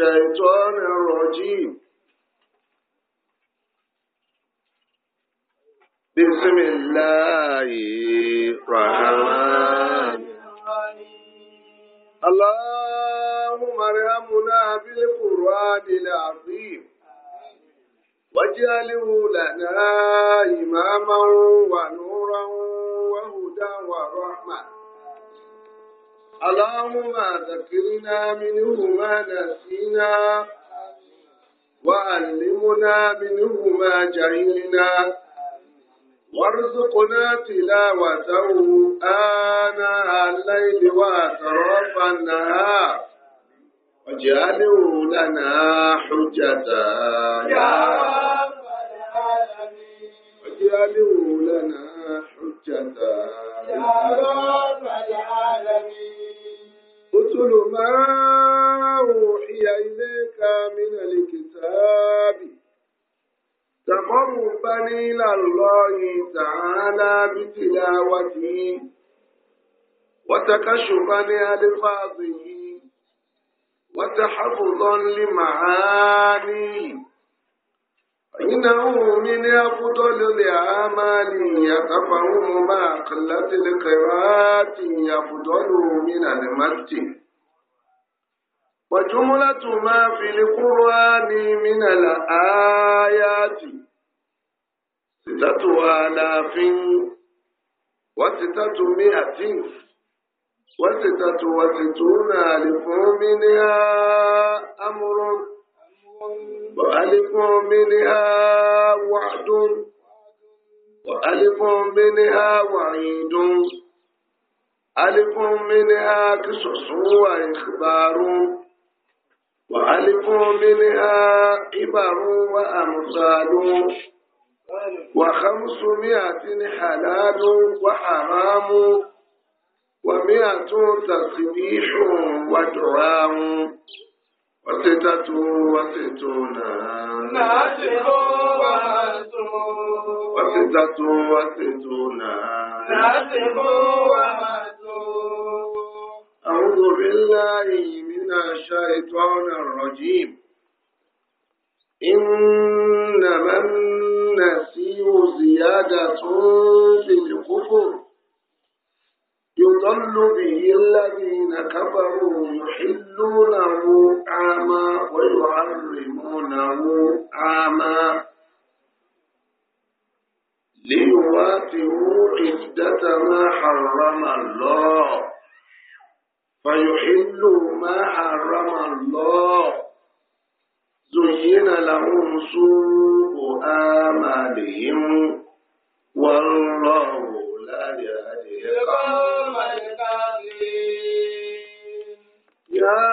narji zialahụmarmna bli pụrụ adịla azi gbajiliwuladyi ma amawụ wa na ụrọwa hụ dịwa اللهم ذكرنا منه ما نسينا وعلمنا منه ما جهلنا وارزقنا تلاوته آناء الليل وأطراف النهار واجعله لنا حجة يا رب العالمين لنا حجة يا رب العالمين اتل ما أوحي إليك من الكتاب تقربا إلى الله تعالى بتلاوته وتكشفا لألفاظه وتحفظا لمعانيه إنه من أفضل الأعمال يتفهم مع قلة القراءة يفضل من المتن وجملة ما في القرآن من الآيات ستة آلاف وستة مئة وستة وستون ألف منها أمر وألف منها وعد وألف منها وعيد ألف منها قصص وإخبار وألفوا منها إبر وأمثال وخمسمائة حلال وحرام ومائة تسبيح ودعاء وستة وستون ناسخ ومهزوم وستة وستون ناسخ ومهزوم أعوذ بالله من الشيطان الرجيم إنما النسي زيادة في الكفر يضل به الذين كفروا يحلونه عاما ويعلمونه عاما ليواتئوا عدة ما حرم الله فيحلوا ما حرم الله زين لهم سوء آمالهم والله لا يهدي القوم الكافرين يا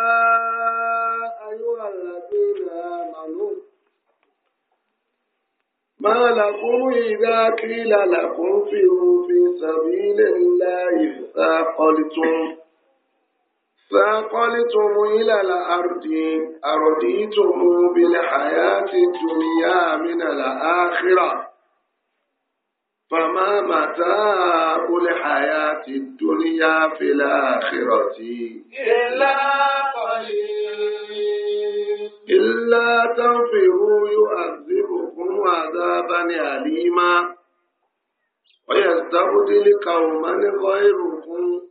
أيها الذين آمنوا ما لكم إذا قيل لكم فيهم في سبيل الله إذا قلتم فأقلتم إلى الأرض أرضيتم بالحياة الدنيا من الآخرة فما متاع الحياة الدنيا في الآخرة إلا قليل إلا تنفروا يعذبكم عذابا أليما ويستبدل قوما غيركم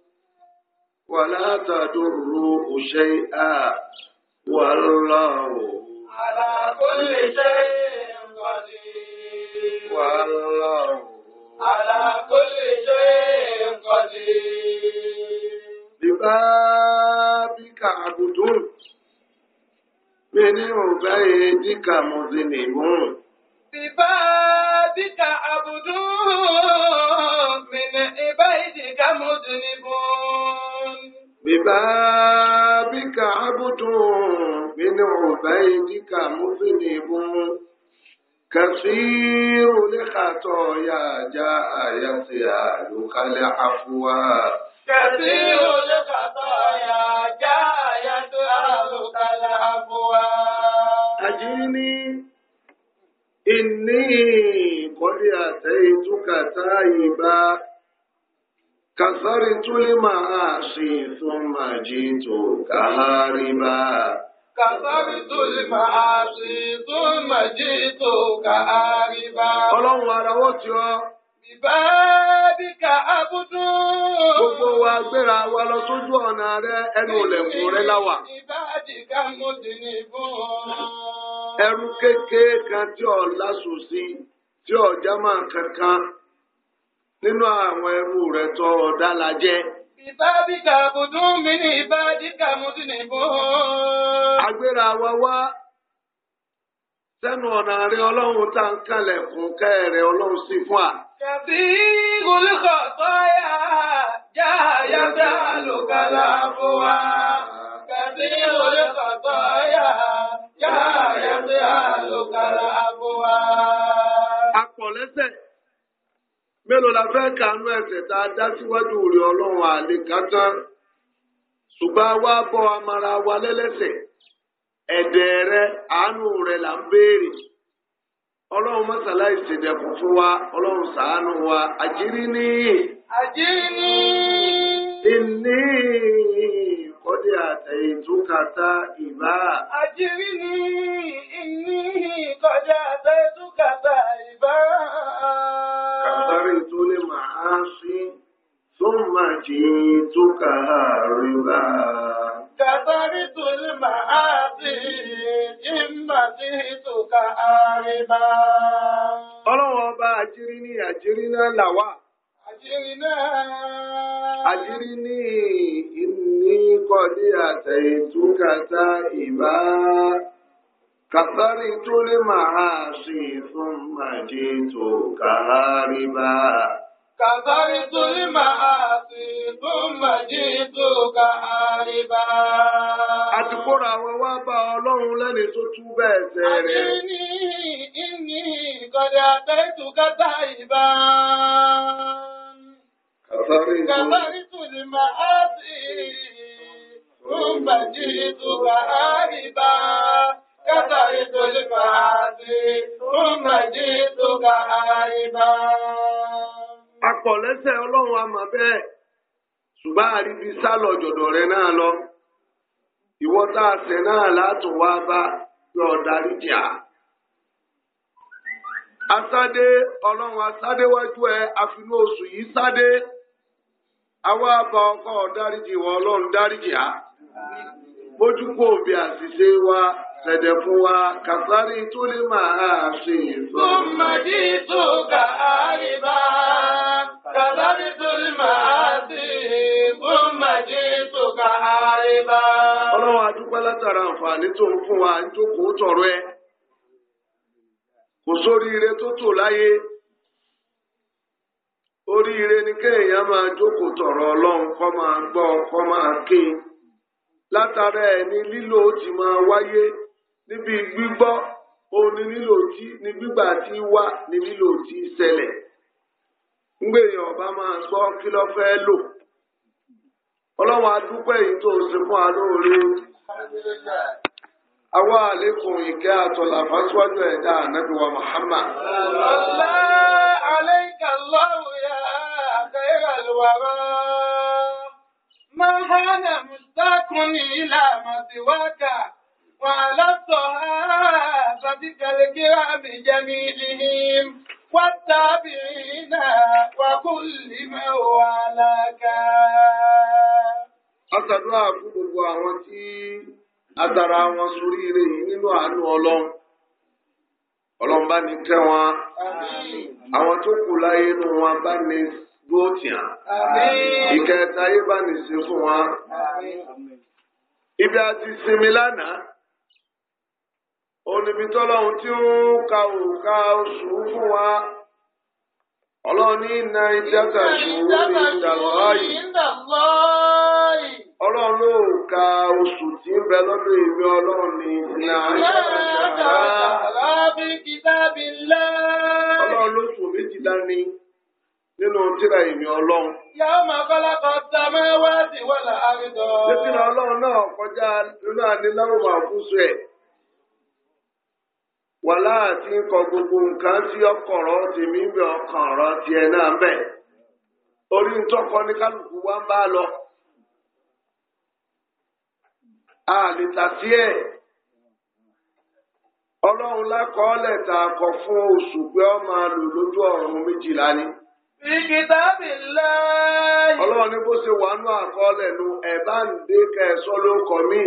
ولا تضروا شيئا والله على كل شيء قدير والله على كل شيء قدير ببابك عبد من عبيدك مذنب ببابك عبد من عبيدك مذنب ببابك عبد من عبيدك مذنب كثير لخطايا جاء يسألك العفو كثير لخطايا جاء يسألك العفو أجيني إني قد أتيتك تائبا كثرت المعاصي ثم جئت كهاربا كثرت المعاصي ثم جئت كهاربا ọlọ́run ara wọ́n ti ọ́. Ìbáàdìkà abudu. Gbogbo wa gbéra wa lọ sójú ọ̀nà rẹ ẹnu ìlẹ̀kùn rẹ láwà. Ìbáàdìkà mo dì ní fún Ẹrú kékeré kan tí ọ̀ lásùn sí, tí ọ̀já máa kankan nínú àwọn ẹrú rẹ̀ tó ọ̀dá la jẹ́. ìbábíkà àbùdún mi ní ìbádíkà mo sì nìbò. agbéra wa wá sẹ́nu ọ̀nà rẹ ọlọ́run tá ń kalẹ̀ fún kẹ́rẹ̀ ọlọ́run sí fún wa. kàbí olùkọ́ sọ́yà já yàtọ̀ àlùkàlà fún wa. kàbí olùkọ́ sọ́yà já yàtọ̀ àlùkàlà fún wa. a pọ̀ lẹ́sẹ̀. mélòó la fẹ́ kànú ẹsẹ̀ tá a dá síwájú rẹ̀ ọlọ́run àlekátán ṣùgbọ́n wá bọ́ amara wa lẹ́lẹ́sẹ̀ ẹ̀dẹ̀ rẹ àánú rẹ là ń béèrè ọlọ́run mọ́sálá ìṣèdẹ̀kùn fún wa ọlọ́run wa àjírí àjírí ìní ìbá. àjírí ìní جئتكها ربا كفرت المعاصي إما جئتكها ربا ọlọ́run ọba àjírí ní àjírí náà là àjírí náà. àjírí ní ìní kọ́lé àtẹ̀yìntú ìbá kàtàrí tó lè máa ṣe fún màjètò kàárí bá. كفرت المعاصي ثم جئتك هاربا. Àtikóra àwọn wá bá Ọlọ́run lẹ́ni tó tú bẹ́ẹ̀ sẹ́ rẹ̀. Àdínní ìní ìkọ̀dẹ̀ àtẹ́tù kátà ìbá. كفرت المعاصي ثم جئتك هاربا. كفرت المعاصي ثم جئتك هاربا. papọ̀ lẹsẹ ọlọ́run àmọ́ bẹ́ẹ̀ ṣùgbọ́n àríbi sálọ jọ̀dọ̀ rẹ náà lọ ìwọ tá a náà látò wá bá yọ darí jà. asádé ọlọ́run asádéwájú ẹ àfinú oṣù yìí àwa bá ọkọ dáríjì wọ dáríjì wa ṣẹ̀dẹ̀ wa kàtàrí tó lè máa كذبت المآسي ثم جئتك هاربا ọlọ́run adúpẹ́ látara àǹfààní tó ń fún wa níjókòó tọ̀rọ̀ ẹ kò sóríire tó tò láyé oríire ni kéèyàn máa jókòó tọ̀rọ̀ ọlọ́run kọ́ máa gbọ́ kọ́ máa kín látara ẹ̀ ni lílo ti máa wáyé níbi gbígbọ́ òun ni lílo tí ní gbígbà tí wá ní lílo tí ṣẹlẹ̀. ngbe èèyàn ọba máa gbọ́ kí ló fẹ́ lò ọlọ́run adúpẹ́ èyí tó ń ṣe fún alóore àwa àlékún ìkẹ́ àtọ̀là fásitì ẹ̀dá ànábì wa Muhammad. ọ̀la àlẹ́kà lọ́wọ́ ya àtẹ̀yẹ̀rẹ̀ àlùwárọ̀ máa hánà mùsákùnrin ìlà màsíwákà wàhálà والتابعين وكل من والاك Àtàdúrà fún gbogbo àwọn tí atara wọn sórí ire yìí nínú àánú Ọlọ́run. Ọlọ́run bá ní tẹ́ wọn. Àwọn tó kù láyé inú wọn bá ní dúró tìǹà. Ìkẹta ayé bá ní sí fún wọn. Ibi àti sinmi lánàá. olùbítọ́lọ́hún tí ó ka òǹkà oṣù fún wa ọlọ́run ní iná ìdáka yìí ka oṣù tí ń bẹ lọ́dọ̀ èmi ọlọ́run ní ìlà ìdáka ọlọ́run ló sùn dání nínú tíra èmi ọlọ́run. yàrá máa bọ́lá kan ta máa wá sí wọ́lá àrídọ́. nítorí ọlọ́run náà kọjá nínú àdínláwò máa kú ẹ̀. wàhálà àti nǹkan gbogbo nǹkan tí ọkọ̀rọ̀ tèmi bẹ̀ ọkàn ọ̀rọ̀ tiẹ̀ náà bẹ̀ orí ntọ́kọ ní kálukú wá ń bá lọ. a lè tà sí ẹ̀ ọlọ́run lákọọ́lẹ̀ tá kọ fún oṣù pé ọ máa lò lójú ọ̀run méjìlá ni. Igi Ìkìtàbí ńlá. Ọlọ́run ní bó ṣe wà nú àkọọ́lẹ̀ nu ẹ̀ bá ń dé kẹ́ ẹ sọ́ ló kọ míì.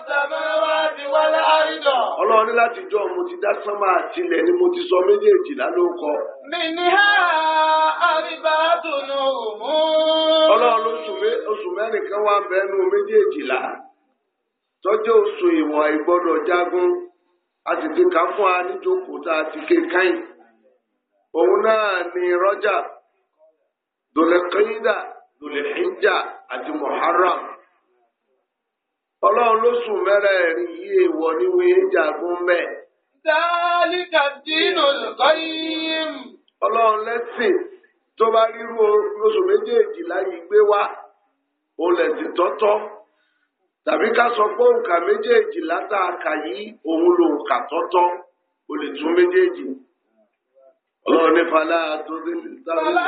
ọlọ́run ní jọ mo ti dá sánmà àtilẹ̀ ni mo ti sọ méjèèjìlá ló mi ní ha àríbá dùnú mú. ọlọ́run oṣù mẹ́rin kan wá bẹ́ẹ̀nu méjèèjìlá tọ́jú oṣù ìwọ̀n ìgbọ́dọ̀ jagun a sì ti kà fún wa tá a ti ké ọlọ́run ló sùn mẹ́rẹ̀ẹ̀rin yìí èèwọ̀ ni wọ́n ń jagun mẹ́. dálíkà dínú lọ́yìn. ọlọ́run lẹ́sìn tó bá ríru oṣù méjèèjì láyé gbé wá òun lẹ̀sìn tọ́tọ́ tàbí ká sọ pé òǹkà méjèèjì látàkà yìí òun ló òǹkà tọ́tọ́ o lè tún méjèèjì. ọlọ́run ní falá tó dé. falá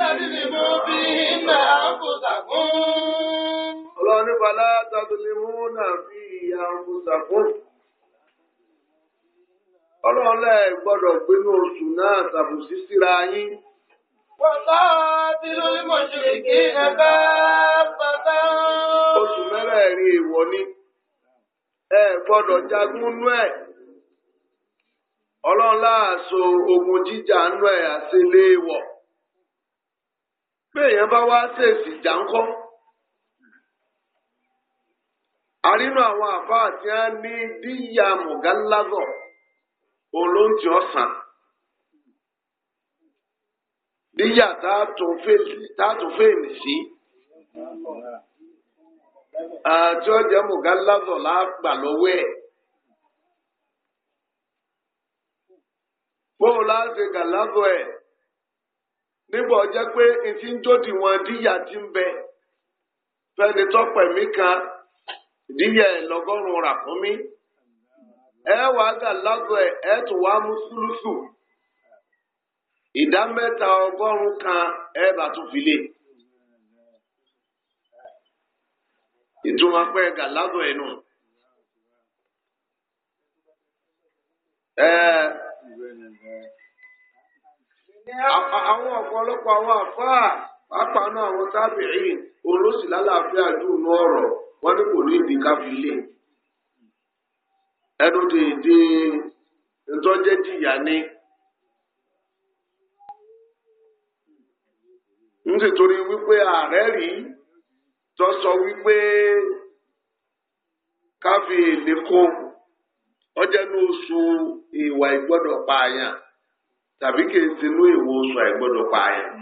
tàbí lè mú bí iná kò sàkún. فلا تظلمون في أنفسكم ọlọ́run lẹ́ẹ̀ gbọ́dọ̀ gbénú oṣù náà ṣàbùsí síra yín. wàtá tí lórí mọ̀ṣẹ̀lẹ̀kì ẹ̀fẹ́ bàtà. oṣù mẹ́rẹ̀ẹ̀rin èèwọ̀ ni ẹ gbọ́dọ̀ jagun nú láàṣọ ogun jíjà nú èèyàn bá wá ṣèṣì àrínú àwọn àfáà tí a ní díyà mọ̀gálázọ̀ olóúnjẹ ọ̀sán díyà táàtò fèèlì sí àti ọjà mọ̀gálázọ̀ láàgbà lọ́wọ́ ẹ̀. bóò láti gàlázọ̀ ẹ̀ nígbà ọjọ́ pé ìtí ń jódì wọn díyà ti ń bẹ fẹ́ni tọ́pẹ̀mí kan. díyẹ lọ́gọ́rùn-ún rà fún mi ẹ wàá gà lágọọ ẹ ẹ tún wàá mú kan ẹ bá tún fi ìtumọ̀ pé ẹ gà àwọn ọ̀pọ̀lọpọ̀ àwọn náà wọ́n ní kò ní ìdí ká fi lé ẹnu tó èdè ntọ́jẹ́ jìyà ní. ń sì torí wípé ààrẹ rí tó sọ wípé ká fi èlé kó ọjọ́nú oṣù ìwà ìgbọ́dọ̀ pààyàn tàbí kì í sinú ìwọ oṣù àìgbọ́dọ̀ pààyàn.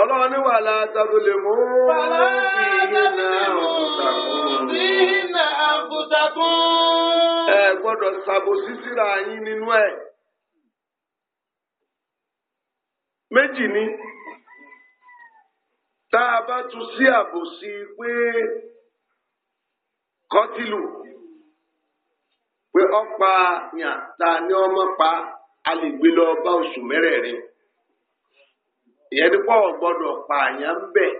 ọlọ́run ní wàhálà tábìlì mú. wàhálà tábìlì mú bí iná àbùtàkùn. ẹ gbọ́dọ̀ ṣàbòsí síra yín nínú ẹ méjì ni tá a bá tún sí àbòsí pé kọ́tìlù pé ọ̀pá yàn tá a ní ọmọ pa a lè gbé lọ bá oṣù mẹ́rẹ̀ẹ̀rin. ìyẹn ní pọ̀ gbọ́dọ̀ pa àyàn ń bẹ̀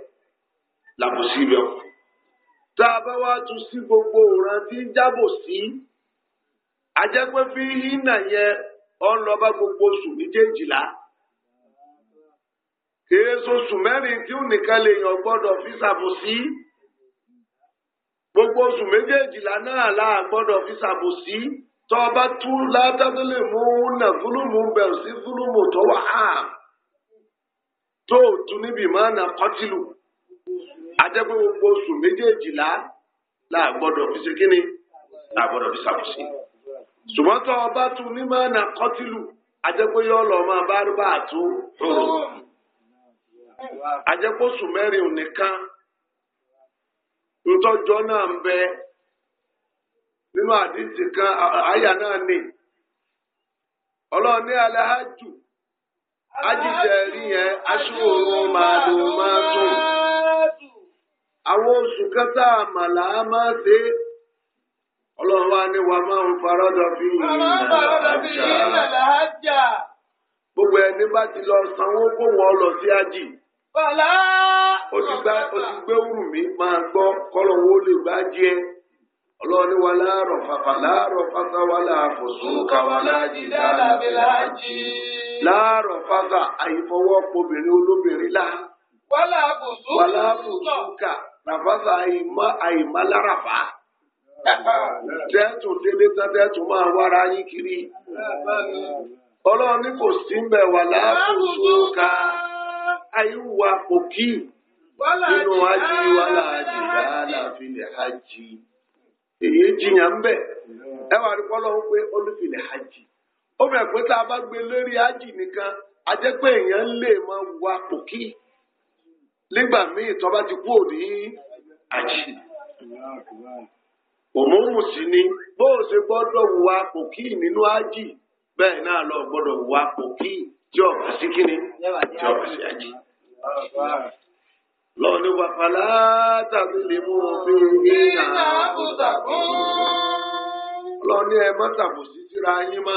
làbòsí lọ. tá a bá wá tún sí gbogbo òran tí ń jábò sí ajẹ́pẹ́ fi hínà yẹn ọ ń lọ bá gbogbo oṣù méjèèjìlá. kèrè oṣù mẹ́rin tí ó nìkan lè yàn gbọ́dọ̀ fi ṣàbòsí. gbogbo oṣù méjèèjìlá náà láà gbọ́dọ̀ fi ṣàbòsí tọ́ ọba tú látàdúlẹ̀ mú nàfúlùmù bẹ̀rù sí fúlùmù tó wà áàmù. tó o tún níbi ìmọ̀ọ́nà kọ́tìlù ajẹ́pẹ́ gbogbo oṣù la gbọdọ fi ṣe kíni la fi ṣàkóso. ṣùgbọ́n tó o tún ní mọ̀ọ́nà kọ́tìlù ajẹ́pẹ́ yóò lọ máa bá rúbà àtún rọrùn. ajẹ́pẹ́ oṣù mẹ́rin nìkan ntọ́jọ́ náà ń bẹ nínú àdìsí ajíṣẹ́ rí yẹn aṣọ́rò máa lò máa tún. Àwọn oṣù kẹta màlá máa ṣe Ọlọ́run wá ní wa máa ń faradà fi ìlànà àjà. Gbogbo ẹni bá ti lọ sanwó kó wọn lọ sí àjì. Bàlá. O ti gbé wùrù mi máa gbọ́ kọ́lọ̀ wo lè gbá jẹ́ ọlọ́run ní wa láàárọ̀ fàfà láàárọ̀ fàfà wà láàfò sùnkà wà láàjìdá lábẹ́ láàjì. láàárọ̀ fàfà àìfọwọ́pọ̀bìnrin olóbìnrin lá. wà láàfò sùnkà. wà láàfò sùnkà ràfàfà àìmálárafà. tẹ́tù délé tán tẹ́tù máa wára yín kiri. ọlọ́run ní kò sí ń bẹ̀ wà láàfò sùnkà àìwà òkì nínú ájí wà láàjìdá lábẹ́ láàjì. èyí jiyàn mbẹ bẹ ẹ wà lóko lọ́wọ́ pé hajj ó bá gbé lórí hajj nìkan a pé èèyàn lè máa wa pòkí nígbà míì tó ti kú òní hajj sí ni bó o gbọ́dọ̀ pòkí nínú hajj bẹ́ẹ̀ náà lọ gbọ́dọ̀ pòkí tí ọ̀bà sí kíni tí hajj. lọ́wọ́ ní wà fàlà tàbí lè mú òfin ìhìnà àbùsàkùn. lọ́wọ́ ní ẹ má tàbùsí síra yín má.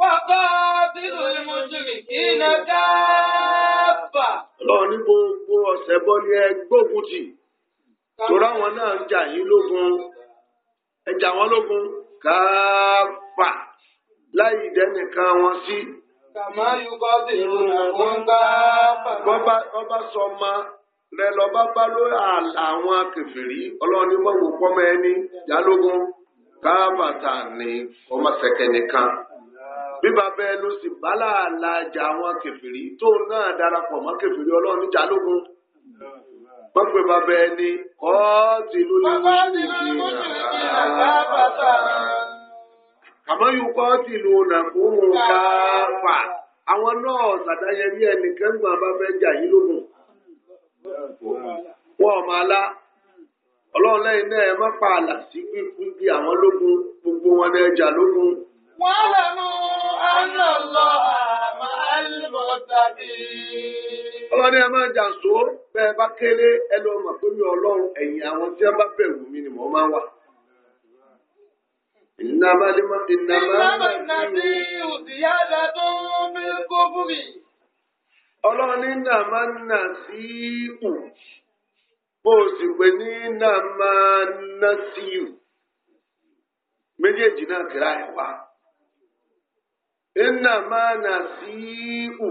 Wàbá bílù ìmọ̀júrì kí iná dáàbà. Lọ́wọ́ ní gbogbo ọ̀sẹ̀ bọ́ ni ẹ gbógun tì. Torá wọn náà ń jà yín lógun. Ẹ jà wọn lógun. Káàpà láì dẹ́nìkan wọn sí. Si. Bọ́bá sọ ma rẹ lọ bá bá ló àwọn kèfèrí ọlọ́run ní wọ́n wò pọ́mọ ẹni yálógún káàbàtà ní ọmọ sẹ̀kẹ̀ nìkan. Bíbá bẹ́ẹ̀ ló sì bá làálà jà àwọn kèfèrí tóun náà darapọ̀ mọ́ kèfèrí ọlọ́run ní jálógún gbọ́gbẹ́ bàbá ẹni kọ́ọ̀tì ló lè mú ìdí àbábàtà. àmọ́ yóò kọ́ ti lù nàkúrú káfà àwọn náà sàdáyẹ ní ẹnìkan gbọ́n bá yìí ló yín wọ́n ma la ọlọ́run lẹ́yìn náà ẹ má pa àlà sí pípín bí àwọn lógun gbogbo wọn náà jà lógun. wọ́n lè mú lọ àmọ́ tàbí. ọlọ́run ẹ máa jà bẹ́ẹ̀ bá kéré ẹ lọ́ọ́ mọ̀ pé mi ọlọ́run ẹ̀yìn àwọn tí wọ́n bá إنما لمن إنما النبي زيادة في الكفر ọlọ́run ní nàmá nà sí ìkù bó o sì pé ní nàmá nà sí ìkù méjèèjì náà kíra ẹ̀ wá nàmá nà sí ìkù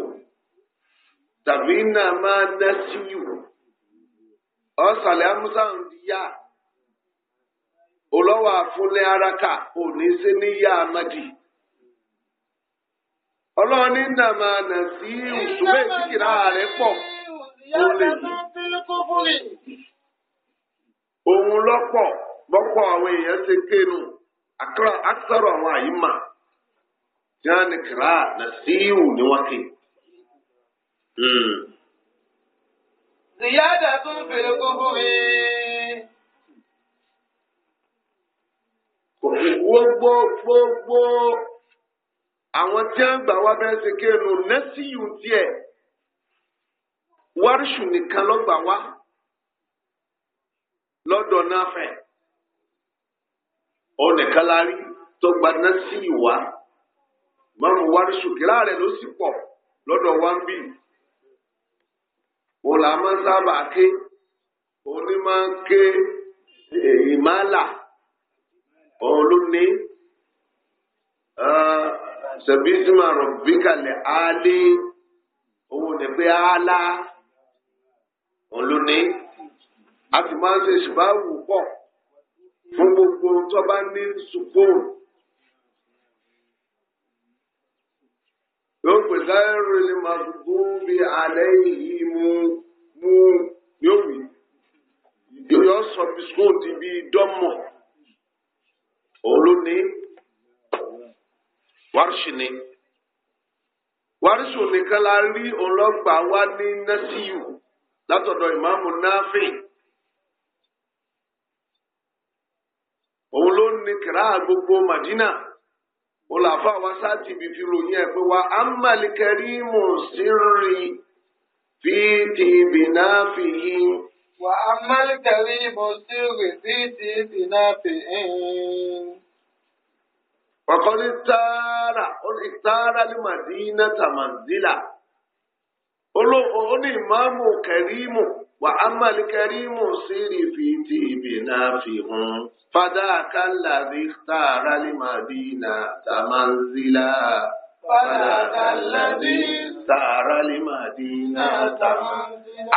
tàbí nàmá nà sí ìkù ọ̀sàlẹ̀ amúsáhùn ti yá. olọ́wọ́ àfúnlẹ̀ araka òní sí ní yá amadi ọlọ́run ní nàmà nà sí ìṣúgbẹ́ ìsìkìrà rẹ̀ pọ̀ òní òun lọ́pọ̀ lọ́pọ̀ àwọn èèyàn ṣe kéènù akọ̀rọ̀ àwọn àyímà tí kìrà nà sí ìwù níwájú. Hmm. Ziyada fèrè gbogbo gbogbo àwọn tí wọ́n gbà wá bẹ́ẹ̀ ṣe kéènù nẹ́sìyù díẹ̀ wárìṣù nìkan ló gbà wá lọ́dọ̀ náà fẹ́ ọ nìkan la rí tó gba nẹ́sìyù wá mọ́mú wárìṣù kìlá rẹ̀ ló sì pọ̀ lọ́dọ̀ wá ń bì wọ́n máa sábà ké onímọ̀ ké eh, ìmáàlà. E, òun ló ní sẹ̀bísímà rọ̀bíkàlẹ̀ áálé òun ní pé áálá òun ló a sì máa ń ṣe ṣùgbáwù pọ̀ fún gbogbo tó bá ní sùkúrù. yóò pè láìrò ní màdùkú bíi alẹ́ yìí mú mú yóò wí yóò sọ bisikóòtì bíi dọ́mọ̀ òun ló ní wárísù ni wárísù nìkan la rí òun lọ gbà wá ní násìyù látọ̀dọ̀ ìmáàmù náfì òun ló ní kìrá gbogbo Madina òun làfa wa sáàtì bí fi ròyìn ẹ pé wa amálikẹrí mùsírì fi wà á mẹ́lìkẹ́rì mo sí rèsí ti ìdìnnà fìhìn. وقد اختار اختار المدينة منزلا ó ní ìmáàmù kẹrìmù wà á mọ̀lì kẹrìmù sí ìrìfì tí ibì náà fi hàn fada kálá rí tààrà lè máa bí iná tàmáńzílà. Fàlàdà lẹ́bí. Sàárà lè máa di iná ta.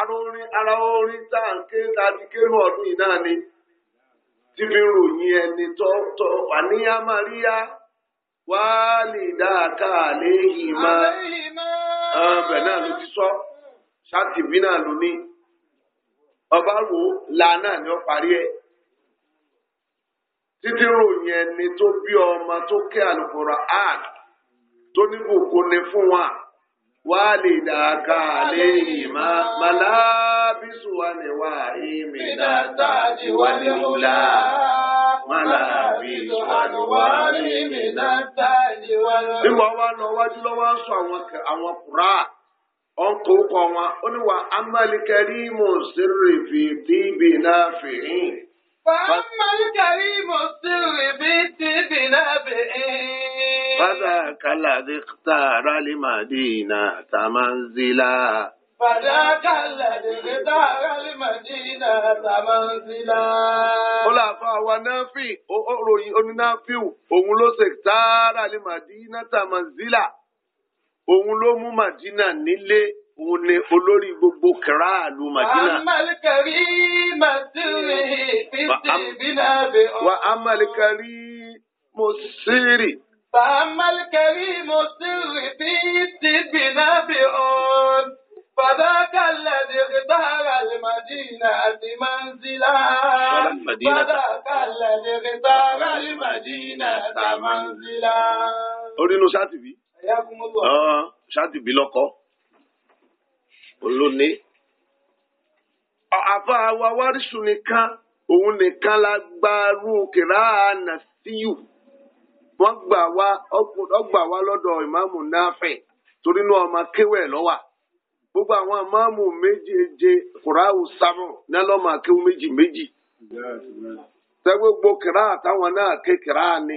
Ara orin ara orin tá à ń ké tá a ti kérú ọdún yìí náà ni. Tí fi ròyìn ẹni tọ́ tọ́ àníyá Maria wá lè dá àká àléhìn máa. Bẹ̀ náà ló ti sọ. Ṣáàtì bí náà ló ní. Ọba wo la náà ni ó parí ẹ̀ títí ròyìn ẹni tó bí ọmọ tó kẹ́ àlùkòrò áàdì tó ní bùkún ni fún wa wá lè dà ká lẹ́yìn má malábísù wa ni wá èmi wá ní wúlá. Malábísù wa wá lọ wájú lọ́wọ́ sọ àwọn kùrá ọ̀nkọ̀ ọkọ̀ wọn ó ní wa fi náà فأما الكريم السر بنبئ فذاك الذي اختار لمدينة منزلا فذاك الذي اختار لمدينة منزلا ó là fún àwa náfì òròyìn onínáfíù òun ló ṣe tààrà lè màdínà tàmánzílà òun ló mú màdínà nílé òun ni olórí gbogbo kìráàlú Madina. wà á malikari masiri fisi binabe o. wà á malikari mosiri. wà á malikari mosiri fisi binabe o. فذاك الذي اختار المدينة منزلا فذاك الذي اختار المدينة منزلا. orí inú ṣáàtì bí. ṣáàtì bí olóní. àfa wa wárísù nìkan òun nìkan la gbarú kìrá nàṣíyù wọ́n gbà wá ọgbà wá lọ́dọ̀ ìmáàmù náfẹ̀ torí náà ọmọ kéwẹ̀ lọ́wà gbogbo àwọn ìmáàmù méjèèje kùráù sámù náà lọ́mọ akéwù méjì méjì. sẹ́gbẹ́ gbogbo kìrá àtàwọn náà ké kìrá ni.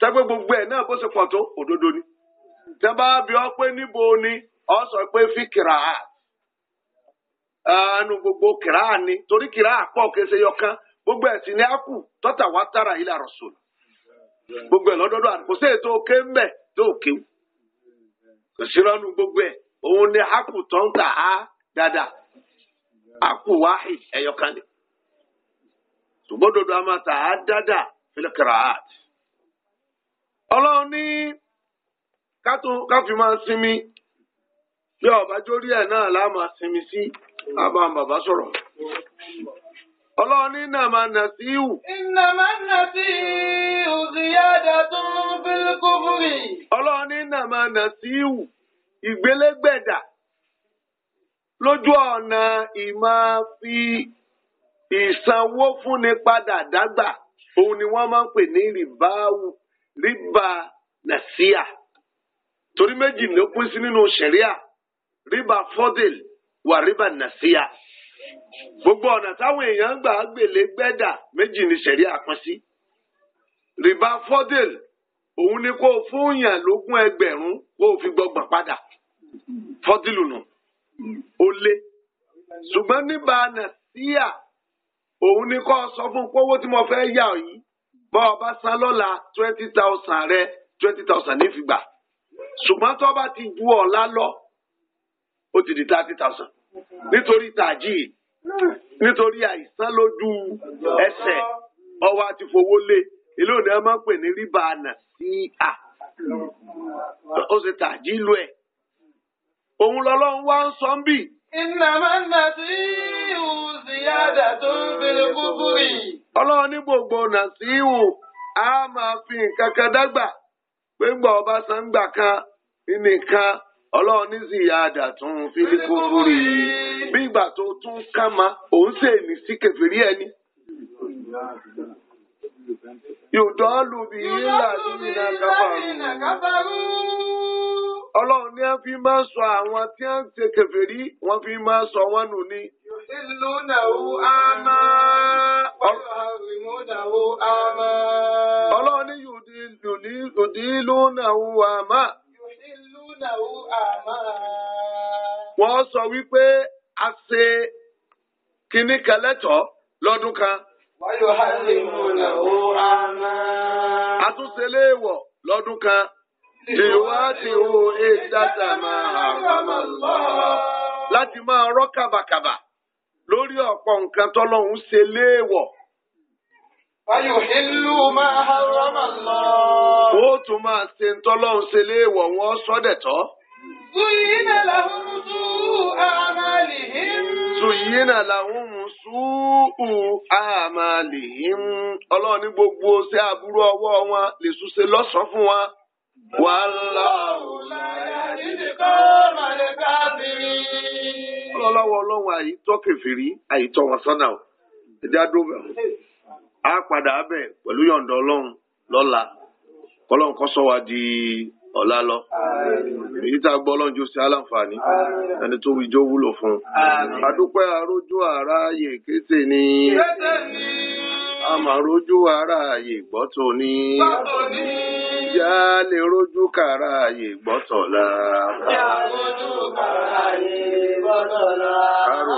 tẹ́gbẹ́ gbogbo ẹ̀ náà bó ṣe pọ̀ tó òdodo ni tẹba bá bí ọ pé níbo ni ọ sọ pé fi kìrà á anu gbogbo kìrà á ni torí kìrà yọkan gbogbo ẹ̀ sì ní á kù tọ́tà wá ilé gbogbo lọ́dọ́dọ́ káfi máa sinmi bí ọ̀bájú orí ẹ̀ náà lá máa sinmi sí àbá bàbá sọ̀rọ̀. Ọlọ́run ní nàmà nàṣíù. Ìnàmà nàṣíù ziyada tún bílkúfúrì. Ọlọ́run ní nàmà nàṣíù ìgbélégbèdà lójú ọ̀nà ìmọ̀ fi ìsanwó fúnni padà dágbà òun ni wọ́n máa ń pè ní rìbáwù rìbá nàṣíà torí méjì ló pín sí nínú ṣẹ̀ríà ríbà fọ́dìl wà ríbà nàṣíà gbogbo ọ̀nà táwọn èèyàn gbà gbèlè gbẹ́dà méjì ni ṣẹ̀ríà pín sí ríbà fọ́dìl òun ni kó fún yàn lógún ẹgbẹ̀rún kó fi gbọgbọ̀n padà fọ́dìlù nù ó lé ṣùgbọ́n níbà nàṣíà òun ni kó sọ fún pọ́wọ́ tí mo fẹ́ yà yìí bá ọba lọ́la twenty thousand rẹ twenty thousand nífi ṣùgbọ́n tó bá ti ju ọ̀la lọ ó ti di thirty thousand nítorí tàjí nítorí àìsàn lójú ẹsẹ̀ ọwọ́ àti fowó lé ìlú òní ọmọ pè ní rìbá àná sí à ó ṣe tàjí lu ẹ̀ òun lọ́lọ́run wá ń sọ ń bì. Innama nasiu ziyadatun fil kufri. Ọlọ́run ní gbogbo nàṣíhù á máa fi nǹkan kan dágbà. pé gbà ọbásangbà ka, nìkan ọlọ́run ní ziyada tún fílíkù fúri bí ìgbà tó tún ká ma òun ṣe sí kẹfìrí ẹni. yòdọ́ lùbí ìlànà káfàrú. ọlọ́run ní wọ́n fi máa sọ àwọn tí wọ́n ṣe kẹfìrí wọ́n fi máa sọ wọ́n nù ní. ọlọ́run ní yòdìlúnàwó àmà. yòdìlúnàwó àmà. wọ́n sọ wípé a ṣe kinní kan lẹ́tọ̀ọ́ lọ́dún kan. wáyò hàlìmúnàwó àmà. a tún ṣe léèwọ̀ lọ́dún kan. ìwádìí o ìdáta máa àbámọ̀ lọ. láti máa rọ́ kàbàkàbà lórí ọ̀pọ̀ nǹkan tọ́lọ́hún ṣe léèwọ̀. Fáyọ̀hílù máa harama lọ. Ó tún máa se ń tọ́lọ́ ń ṣe léèwọ̀ wọn sọ́dẹ̀tọ́. Zuyina lahum su'u a'malihim. Zuyina gbogbo ṣé aburu ọwọ́ wọn lè ṣúṣe lọ́sàn-án fún wa. Wàhálà. Ọlọ́wọ́ ọlọ́run kẹfìrí wọn sọ́nà. dúró a padà abẹ pẹ̀lú yọ̀ǹda ọlọrun lọla: ọlọ́run kó sọ wa di ọ̀la lọ. èyí tá a gbọ́ sí aláǹfààní ẹni tó wí jó wúlò fún un. àdúpẹ́ arójú àráyè kété ni àmàrójú àráyè gbọ́tò ni lè rójú kàrà àyè gbọ́tọ̀lá. ìjà rójú kàrà ara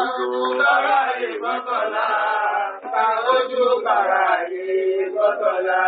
bá lójú bàrà yìí gbọ́dọ̀ la.